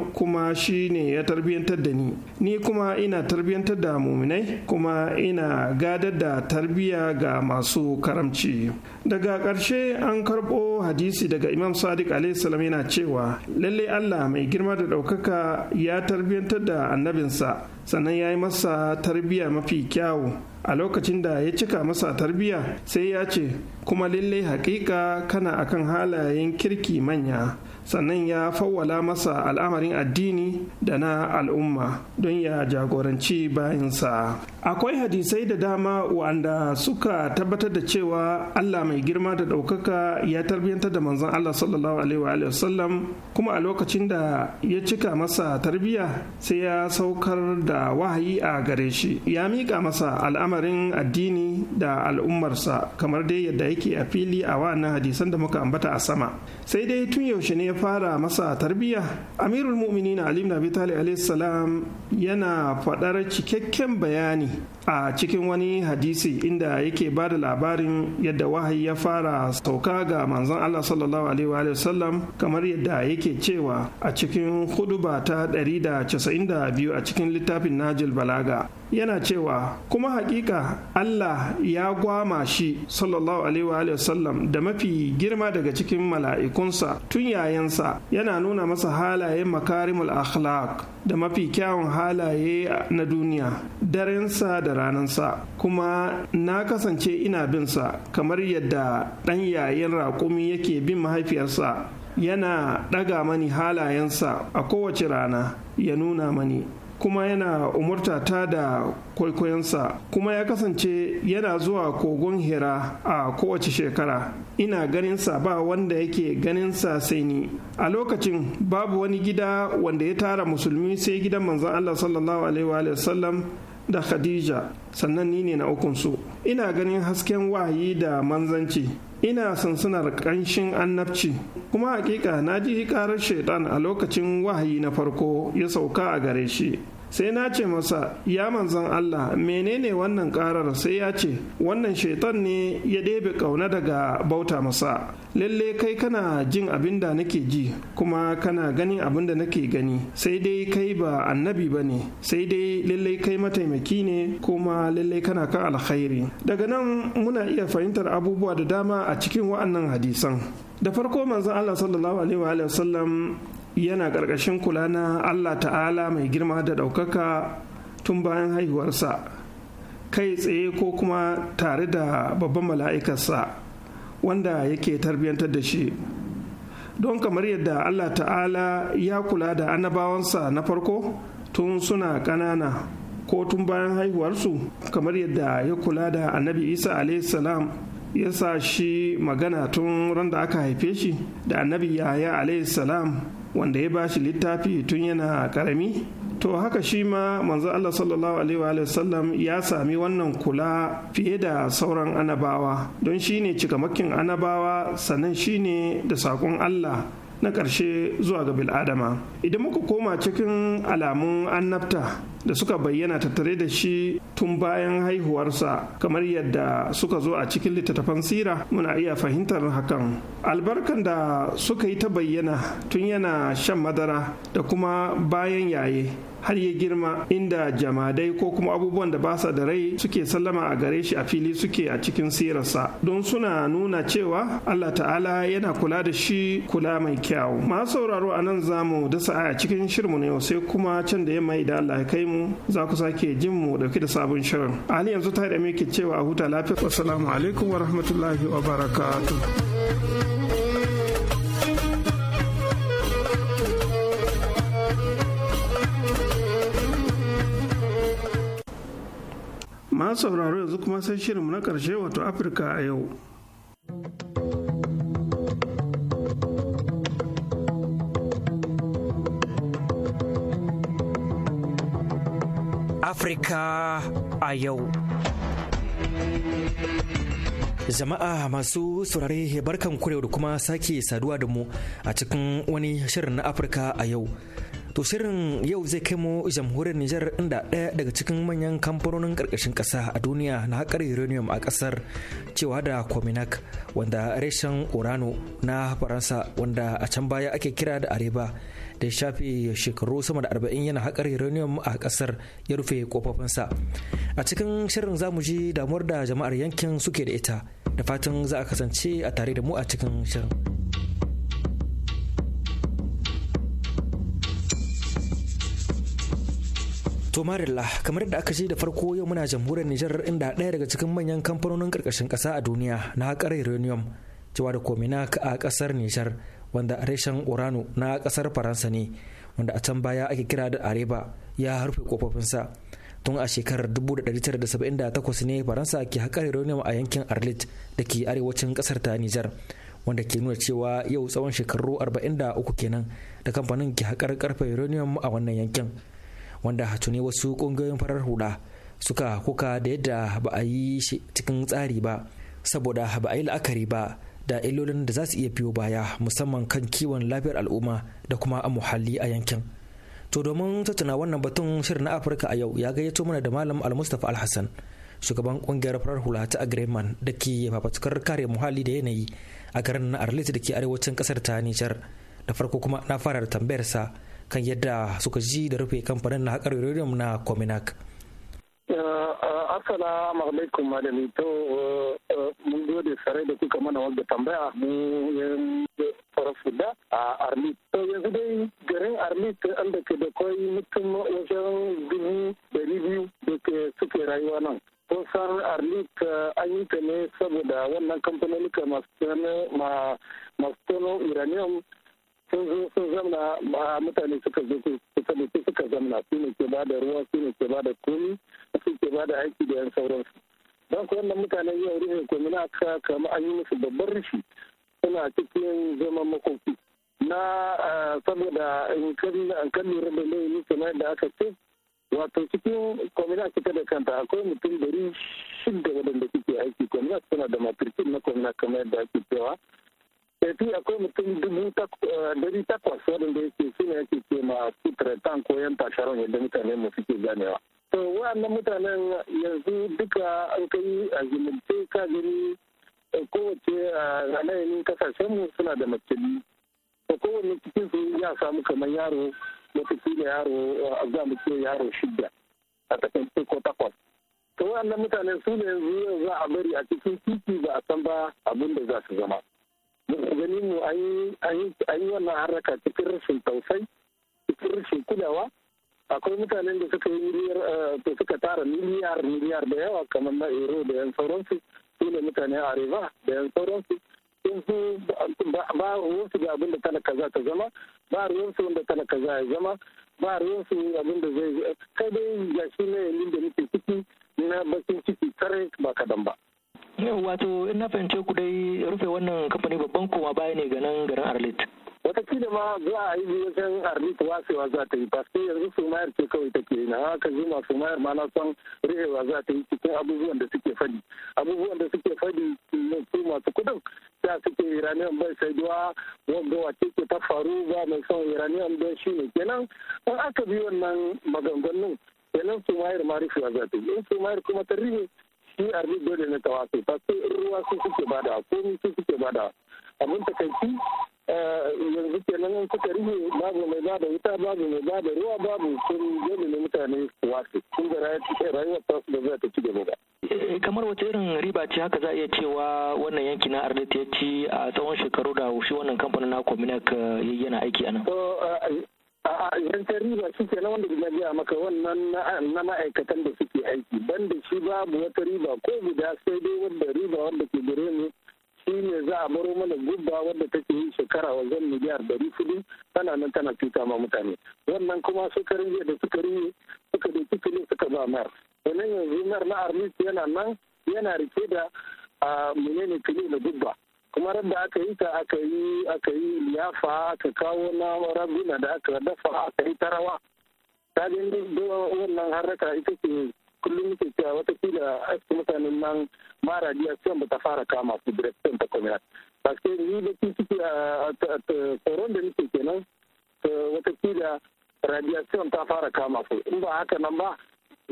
wa kuma shi ne ya tarbiyantar da ni ni kuma ina tarbiyantar da muminai kuma ina gadar da tarbiya ga masu karamci daga ƙarshe an karɓo hadisi daga imam sadiq alaihi salam yana cewa lallai Allah mai girma da ɗaukaka ya tarbiyantar da annabinsa sannan ya yi masa tarbiya mafi kyawu a lokacin da ya cika masa tarbiyya sai ya ce kuma lallai hakika kana akan halayen kirki manya sannan ya fawwala masa al'amarin addini da na al'umma don ya jagoranci bayansa akwai hadisai da dama wanda suka tabbatar da cewa allah mai girma da ɗaukaka ya tarbiyyantar da manzon allah sallallahu alaihi wasallam kuma a lokacin da ya cika masa tarbiyya sai ya saukar da wahayi a gare shi ya miƙa masa al'amarin addini da al'ummarsa kamar dai yadda yake a fili a wannan hadisan da muka ambata a sama sai dai tun yaushe ne ya fara masa tarbiyya amirul mu'minin ali na bitali salam yana faɗar cikakken bayani a cikin wani hadisi inda yake ba da labarin yadda wahayi ya fara sauka ga manzon allah sallallahu alaihi wa sallam kamar yadda yake cewa a cikin huduba ta 192 a cikin littafin najil balaga yana cewa kuma hakika Allah ya gwama shi sallallahu alaihi wa sallam da mafi girma daga cikin mala'ikunsa tun yayin bayansa yana nuna masa halaye makarimul akhlaq da mafi kyawun halaye na duniya darensa da ranansa kuma na kasance ina binsa kamar yadda ɗan yayin raƙumi yake bin mahaifiyarsa yana ɗaga mani halayensa a kowace rana ya nuna mani kuma yana umurta ta da kwaikwayonsa kuma ya kasance yana zuwa kogon hira a kowace shekara ina ganinsa ba wanda yake ganinsa sai ni a lokacin babu wani gida wanda ya tara musulmi sai gidan manzon Allah sallallahu alaihi wasallam da Khadija sannan ni ne na ukunsu ina ganin hasken wahayi da manzanci ina sansanar ƙanshin annabci kuma hakika na ji karar shaidan a lokacin wahayi na farko ya sauka a gare shi sai na ce masa ya manzan Allah menene wannan karar sai ya ce wannan shaitan ne ya ɗebe ƙauna daga bauta masa lalle kai kana jin abin da nake ji kuma kana ganin abin da nake gani sai dai kai ba annabi ba ne sai dai lalle kai mataimaki ne kuma lalle kana ka alkhairi daga nan muna iya fahimtar abubuwa da dama a cikin wa'annan hadisan da farko manzan Allah sallallahu alaihi wa sallam yana ƙarƙashin kula na allah ta'ala mai girma da ɗaukaka tun bayan haihuwarsa kai tsaye ko kuma tare da babban mala'ikarsa wanda yake tarbiyantar da shi don kamar yadda allah ta'ala ya kula da annabawansa na farko tun suna ƙanana ko tun bayan haihuwarsu kamar yadda ya kula da annabi isa salam ya sa shi magana tun ran da aka haife shi da annabi yaya salam wanda ya bashi littafi tun yana karami to haka shi ma manzo Allah sallallahu alaihi wa sallam ya sami wannan kula fiye da sauran anabawa don shine cikamakin anabawa sannan shine da saƙon Allah na ƙarshe zuwa ga bil'adama idan muka koma cikin alamun annabta da suka bayyana tattare da shi tun bayan haihuwarsa kamar yadda suka zo a cikin littattafan sira muna iya fahimtar hakan albarkan da suka yi ta bayyana tun yana shan madara da kuma bayan yaye har ya girma inda jamadai ko kuma abubuwan da basa da rai suke sallama a gare shi a fili suke a cikin sirarsa don suna nuna cewa Allah ta'ala yana kula da shi kula mai kyau masu sauraro a nan zamu dasa a cikin shirmu ne sai kuma can da yamma idan Allah ya kai mu za ku sake jin mu dauke da sabon shirin Ali yanzu ta da ke cewa a huta lafiya assalamu alaikum wa rahmatullahi wa barakatuh masu sauraro yanzu kuma sai shirinmu na ƙarshe wato afirka a yau Afirka a yau. Jama'a masu saurare barkan kurewa da kuma sake saduwa da mu a cikin wani shirin na Afirka a yau. To shirin yau zai kai mu jamhuriyar Nijar inda ɗaya daga cikin manyan kamfanonin ƙarƙashin ƙasa a duniya na haƙar uranium a ƙasar cewa da Cominac wanda reshen Urano na Faransa wanda a can baya ake kira da Areba da ya shafe shekaru sama da arba'in yana haƙar uranium a ƙasar ya rufe ƙofofinsa a cikin shirin zamu ji damuwar da jama'ar yankin suke da ita da fatan za a kasance a tare da mu a cikin shirin To Marilla, kamar da aka ce da farko yau muna jamhuriyar Nijar inda ɗaya daga cikin manyan kamfanonin ƙarƙashin ƙasa a duniya na haƙar uranium cewa da komina a ƙasar Nijar wanda reshen urano na kasar faransa ne wanda a can baya ake kira da areba ya harfe kofofinsa tun a shekarar 1978 ne faransa ke haƙar uranium a yankin arlit da ke arewacin kasar ta nijar wanda ke nuna cewa yau tsawon shekaru 43 kenan da kamfanin ke haƙar karfe uranium a wannan yankin wanda hatuni wasu ƙungiyoyin farar huda suka kuka da yadda ba a yi cikin tsari ba saboda ba a yi la'akari ba da illolin da za su iya biyo baya musamman kan kiwon lafiyar al'umma da kuma a muhalli a yankin to domin tattuna wannan batun shirin na afirka a yau ya gayyato mana da malam almustapha alhassan shugaban kungiyar farar hula ta agreement da ke fafatukar kare muhalli da yanayi a garin na arlit da ke arewacin kasar ta nijar da farko kuma na fara da tambayarsa kan yadda suka ji da rufe kamfanin na haƙar uranium na cominac Assalamu alaikum madami to eh, eh, mun gode sarai da kuka mana wanda tambaya mu yan farafuda a Armit. To yanzu dai garin Armit an da ke da kwai mutum wajen dubu da biyu da ke suke rayuwa nan. kusan Armit an yi ta ne saboda wannan kamfanonika masu tono uranium sun zo sun zamna mutane suka zo kusa da suka zamna su ne ke ba da ruwa su ne ke ba da komi suke ba da aiki da yan sauransu don ku wannan mutanen yau rufe kwamina ka kama an yi musu babban rufi suna cikin zaman makoki na saboda in kan lura da laifin kamar da aka ce wato cikin kwamina cika da kanta akwai mutum dari shidda waɗanda suke aiki kwamina suna da matrikin na kwamina kamar yadda ake cewa sai akwai mutum dubu dari takwas waɗanda yake suna yake ce ma su ko yan tasharon yadda mutane mu suke ganewa to wa'annan mutanen yanzu duka an kai a zumunce ka gani eh, kowace a kasashen mu suna da matsali to kowane cikin su ya samu kamar yaro da yaro a za mu ce yaro shida a takaice ko takwas to wa'annan mutanen su ne yanzu za a bari a cikin titi ba a san ba abin da za su zama ganin mu an yi wannan haraka cikin rashin tausai cikin rashin kulawa akwai mutanen da suka yi miliyar da eh, suka tara miliyar miliyar da yawa kamar na ero da yan sauransu su ne mutane arewa da yan sauransu sun su ba ruwansu ga abin da talaka za ta zama ba ruwansu wanda talaka za ya zama ba ruwansu abin da zai kai dai ga shi ne yin da muke ciki na bakin ciki tare ba kadan ba. yau wato in na fahimce ku dai rufe wannan kamfani babban koma baya ne ga nan garin arlit. watakila ma za a yi wajen arlit wasewa za ta yi paske yanzu mayar ce kawai take yi na haka zuma mayar ma na san rihewa za ta yi cikin abubuwan da suke fadi abubuwan da suke fadi su masu kudin da suke iraniyan bai sai duwa wanda wace ke ta faru ba mai son iraniyan bai shi ne kenan an aka bi wannan maganganun kenan mayar ma rihewa za ta yi in mayar kuma ta rihe shi arlit dole ne ta wasu paske ruwa su suke bada komi su suke bada abin takaici Eh, yanzu kenan in kuka rufe babu mai bada wuta babu mai bada ruwa babu sun dole ne mutane wasu sun da rayuwar tasu da za ta ci gaba ba. Eh, kamar wata irin riba ce haka za a iya cewa wannan yanki na arlit ya ci a tsawon shekaru da shi wannan kamfanin na kominak eh, yana aiki a nan. A'a riba shi ke na wanda na biya maka wannan na ma'aikatan da suke aiki banda shi babu wata riba ko guda sai dai wanda riba wanda ke gare mu shi ne za a baro mana gubba wadda take yi shekara wajen miliyar dari kudu tana nan tana fita ma mutane wannan kuma suka jiya da suka rige suka suka ne suka ba mayar wannan yanzu mayar na armis yana nan yana rike da menene fili na gubba kuma da aka yi ta aka yi aka yi liyafa aka kawo na raguna da aka dafa aka yi tarawa ta wannan harraka ita ce kullum muke cewa watakila aiki mutanen nan mara diyasion ba ta fara kama su direktion ta kwamirat paske ni da ciki a tsoron da nake kenan watakila radiation ta fara kama su in ba haka nan ba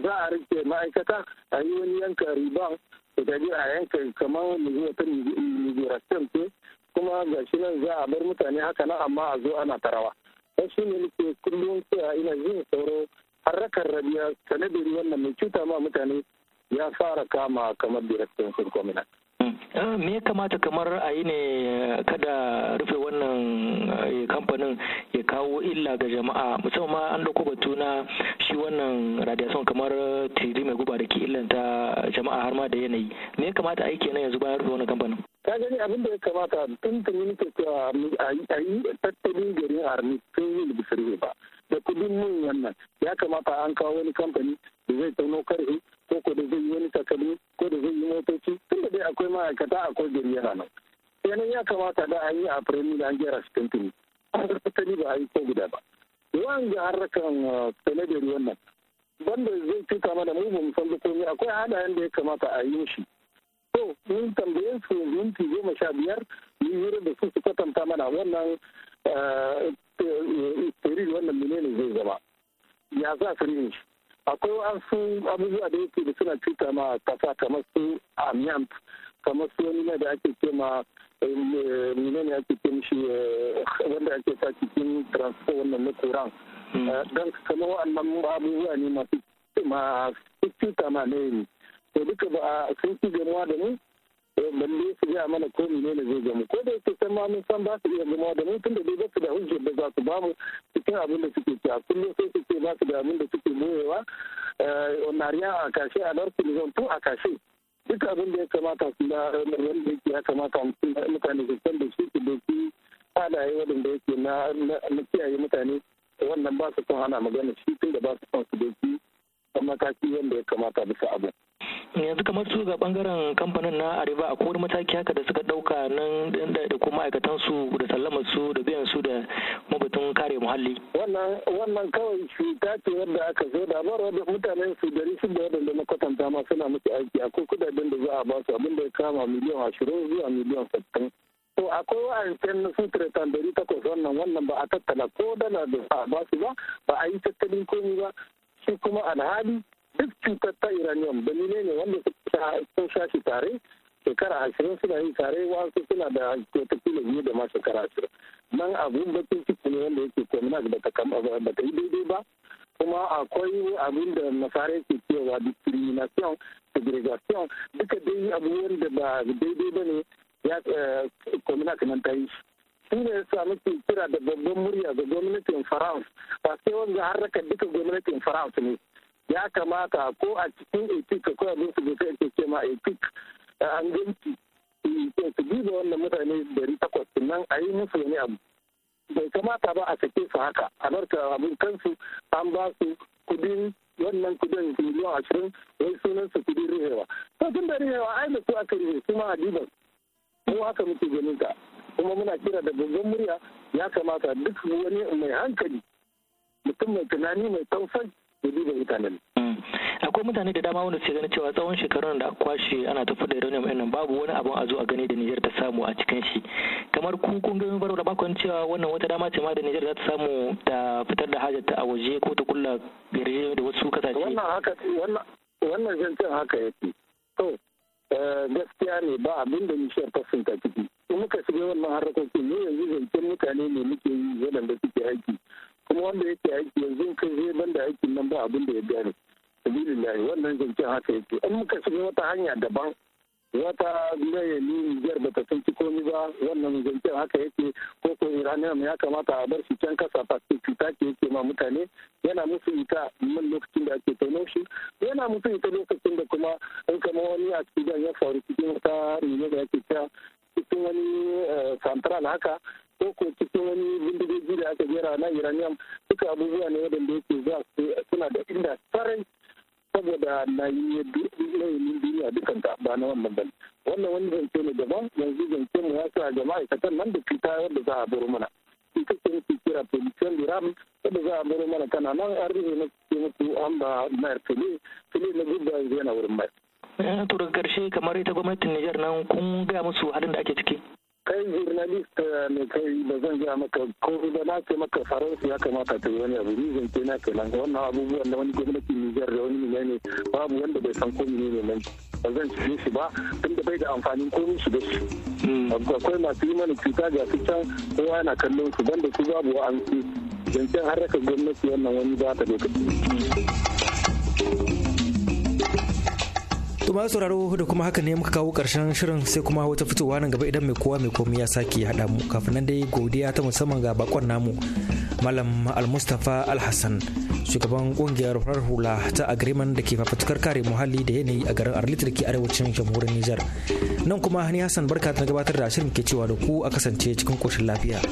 za a rike ma'aikata a yi wani yanka riban da a yanka kamar ta liberation ce kuma ga shi nan za a bar mutane haka nan amma a zo ana tarawa don shi ne nake kullum a ina jin tsoro harrakar rabiya sanadin wannan mai cuta ma mutane ya fara kama kamar direktan sun kwamina. Hmm. Ah, me ya kamata kamar a yi ne eh, kada rufe wannan eh, kamfanin ya kawo illa ga jama'a musamman ma an dauko batu na shi wannan radiation kamar tiri mai guba da ke illanta jama'a har ma da yanayi me ya kamata aiki nan yanzu bayan rufe wannan kamfanin ka gani abin da ya kamata tun tuni nake cewa a yi tattalin garin arni sai yi ba da kudin min wannan ya kamata an kawo wani kamfani da zai tauno karfi ko ko da zai yi wani takalmi ko da zai yi motoci tunda dai akwai ma'aikata akwai gari yana nan yanayin ya kamata da an yi a firimi da an gyara su an tattali ba a yi ko guda ba yawan ga harkan uh, sanadari wannan banda zai tuka mana mu bamu da komai akwai halayen da ya kamata a yi shi to mun tambaye su minti goma sha biyar mun yi da su su kwatanta mana wannan teri wannan menene zai zama ya za su rin shi akwai wasu abubuwa da yake da suna cuta ma kasa kamar su amiant kamar su wani da ake ce ma eh, menene ake ce mishi eh, wanda ake sa cikin transport wannan na kuran hmm. eh, don kamar wa'annan abubuwa ne masu cuta ma ne to duka ba a sun fi ganuwa da mu balle su ga mana ko ne ne zai gamu ko da yake san ma mun san ba su iya gama da mu tun da ba su da hujjar da za su bamu cikin abin da suke ci a kullum sai su ce ba su da abin da suke moyewa eh, onariya a kashe a narku zon tun a kashe duk abin da ya kamata su da eh, wanda da ya kamata mutane su san da shi su doki halaye waɗanda yake na kiyaye mutane wannan ba su son ana magana shi tun da ba su son su doki ɗan mataki wanda ya kamata bisa abu. yanzu kamar su ga bangaren kamfanin na arewa a wani mataki haka da suka dauka nan da kuma ma'aikatan su da sallamar su da biyan su da mabatun kare muhalli wannan wannan kawai ta ce wanda aka zo da amma wadda mutanen su dari su da wadanda na kwatanta ma suna musu aiki akwai kudaden da za a ba su abin da ya kama miliyan ashirin zuwa miliyan sittin to akwai wa'ancan na su tiritan dari takwas wannan wannan ba a tattala ko dala da ba su ba ba a yi tattalin komi ba shi kuma alhali duk cutar ta iranium dalilai ne wanda sun sha shi tare shekara ashirin suna yi tare wasu suna da watakila biyu da ma shekara ashirin nan abin bakin ciki ne wanda yake komina da ta yi daidai ba kuma akwai abin da nasara yake cewa discrimination segregation duka dai abu da ba daidai ba ne ya komina eh, nan ta yi shi shi ya samu muke kira da babban murya ga gwamnatin france ba sai wanda raka duka gwamnatin france ne ya kamata ko a cikin epic ko a musu da ake ce ma epic an ganci su da wannan mutane dari takwas nan a yi musu wani abu bai kamata ba a sake su haka a barka abin kansu an ba su kudin wannan kudin miliyan ashirin wai sunan su kudin rihewa ko tun da rihewa ai da su aka rihe kuma a diban mu haka muke ganin ka kuma muna kira da gungun murya ya kamata duk wani mai hankali mutum mai tunani mai tausan ya duba mutanen. Mm. akwai mutane da dama wanda suke ganin cewa tsawon shekarun da kwashe ana tafi da iranium nan babu wani abin a zo a gani da Nijar ta samu a cikin shi kamar ku kun ga bar da bakon cewa wannan wata dama ce ma da Nijar za ta samu ta fitar da ta a waje ko ta kulla gare da wasu kasashe wannan haka wannan wannan haka yake to eh, gaskiya ne ba abin da Nijar ta ta ciki in muka shiga wannan harkokin ne yanzu zancen mutane ne muke yi waɗanda suke aiki kuma wanda yake aiki yanzu kai zai banda aikin nan ba abin da ya gane sabilillahi wannan zancen haka yake in muka shiga wata hanya daban wata mai niyyar ba ta sanci komi ba wannan zancen haka yake ko ko iranian ya kamata a bar shi can kasa fasti cuta ke yake ma mutane yana musu ita man lokacin da ake tauno shi yana musu ita lokacin da kuma in kama wani a cikin ya faru cikin wata rinya da ake ta cikin wani santral eh, haka ko ko cikin wani bindigogi da aka jera na uranium duka abubuwa ne waɗanda yake zuwa suna da inda sarai saboda na yi layin duniya dukan ta ba na wannan ba wannan wani zance ne daban yanzu zance mu ya sa ga ma'aikatan nan da fita yadda za a baro mana ita ce muke kira pollution diram yadda za a baro mana kana nan arziki na ce an ba mayar tule tule na gudu yanzu yana wurin mai to daga karshe kamar ita gwamnatin Nijar nan kun ga musu halin da ake ciki kai jurnalist ne eh, kai da zan ga maka ko da na ce maka faransa ya kamata ta wani abu ni zan ce na kenan wannan abubuwan da wani gwamnatin Nijar da wani ne babu wanda bai san ko ne nan ba zan ce shi ba tun da bai da amfanin komai su da shi hmm. akwai masu yi mana cuta ga su can kowa yana kallon su banda su babu wa'ansu zancen harkar gwamnati wannan wani ba ta lokaci To masu sauraro da kuma haka ne muka kawo karshen shirin sai kuma wata fitowa nan gaba idan mai kowa mai komai ya sake haɗa mu kafin nan dai godiya ta musamman ga bakon namu Malam al mustapha Al-Hassan shugaban kungiyar farar hula ta agreement da ke fafatukar kare muhalli da yanayi a garin Arlit da ke arewacin jamhuriyar Nijar. Nan kuma Hani Hassan barka ta gabatar da shirin ke cewa da ku a kasance cikin koshin lafiya.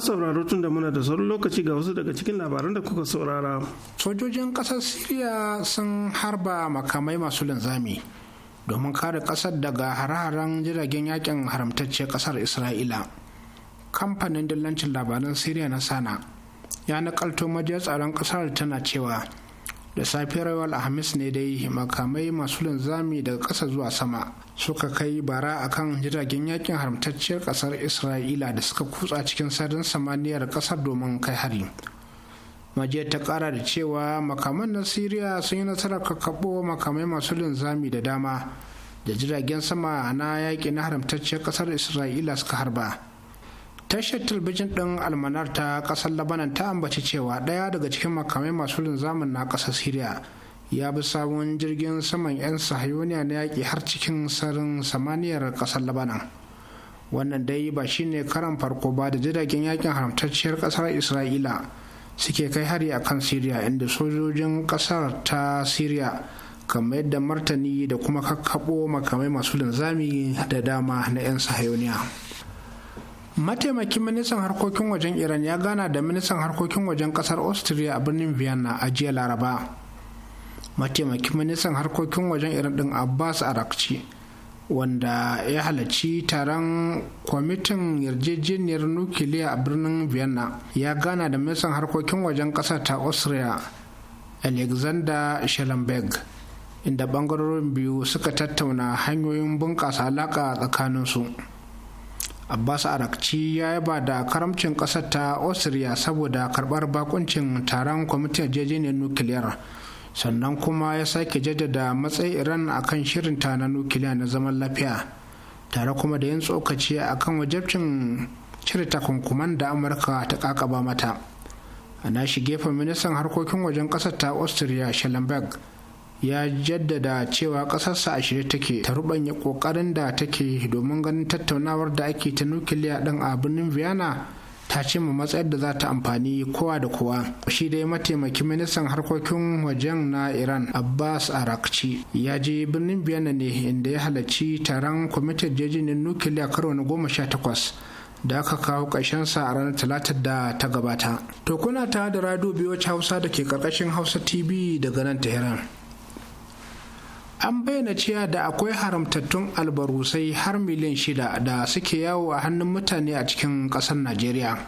har sauraro tun da muna da sauran lokaci ga wasu daga cikin labaran da kuka saurara. Sojojin ƙasar Siriya sun harba makamai masu linzami domin kare ƙasar daga hare-haren jiragen yakin haramtacce ƙasar Isra'ila. Kamfanin dillancin labaran Siriya na Sana ya nakalto majiyar tsaron ƙasar tana cewa da safiyar rawar alhamis ne dai makamai masu linzami daga ƙasa zuwa sama suka kai bara akan jiragen yakin haramtacciyar ƙasar isra'ila da suka kutsa cikin sararin samaniyar ƙasar domin kai hari majiyar ta kara da cewa makaman na siriya sun yi nasarar kakkaɓo makamai masu linzami da dama da jiragen sama na yaƙi na haramtacciyar ƙasar isra'ila suka harba tashar talbijin ɗin almanar ta ƙasar labanan ta ambaci cewa ɗaya daga cikin makamai masu linzamin na ƙasar syria ya bi sabon jirgin saman 'yan sahayoniya na yaƙi har cikin sarin samaniyar ƙasar labanan wannan dai ba shine karan farko ba da jiragen yakin haramtacciyar ƙasar isra'ila suke kai hari a kan syria inda sojojin ƙasar ta syria kamar yadda martani da kuma kakkaɓo makamai masu linzami da dama na 'yan sahayoniya mataimakin ministan harkokin wajen iran ya gana da ministan harkokin wajen kasar austria a birnin vienna a jiya laraba mataimakin ministan harkokin wajen iran din abbas arakci wanda ya halarci taron kwamitin yarjejeniyar nukiliya a birnin vienna ya gana da ministan harkokin wajen kasar ta austria alexander schellenberg inda bangarorin biyu suka tattauna hanyoyin bunƙasa alaƙa tsakaninsu. su abbas arakci ya yaba da karamcin ƙasar ta austria saboda karɓar bakuncin taron kwamitin yarjejeniyar nukiliyar sannan kuma ya sake jaddada matsayin iran akan shirinta na nukiliya na zaman lafiya tare kuma da yin tsokaci akan wajabcin cire takunkuman da amurka ta kakaba mata a shi gefen ministan harkokin wajen kasar ta austria schellenberg ya jaddada cewa ƙasarsa a shirye take ta rubanya ƙoƙarin da take domin ganin tattaunawar da ake ta nukiliya ɗin a birnin vienna ta ce ma matsayar da za ta amfani kowa da kowa shi dai mataimakin ministan harkokin wajen na iran abbas arakci ya je birnin biyana ne inda ya halarci taron kwamitin jejinin nukiliya karo na goma sha takwas da aka kawo sa a ranar talatar da ta gabata to kuna ta da radio biyu hausa da ke ƙarƙashin hausa tv daga nan tehran an bayyana cewa da akwai haramtattun albarusai har miliyan shida da suke yawo a hannun mutane a cikin ƙasar najeriya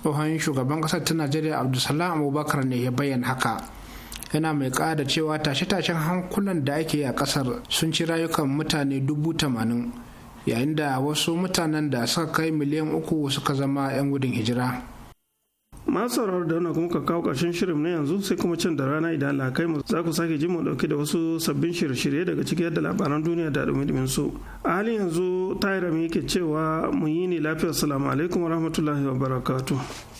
tsohon shugaban ƙasar ta najeriya abdulsalam abubakar ne ya bayyana haka yana mai ƙada cewa tashe-tashen hankulan da ake yi a ƙasar sun ci rayukan mutane dubu tamanin yayin da wasu mutanen da suka kai miliyan uku suka zama 'yan gudun hijira masu rawar da wannan kuma ka kawo ƙarshen shirin na yanzu sai kuma can da rana idan Allah kai mu za ku sake ji mu dauke da wasu sabbin shirye-shirye daga ciki yadda labaran duniya da dumi su a halin yanzu tayar yake cewa mu yi ne lafiya. salamu alaikum wa rahmatullahi wa barakatuh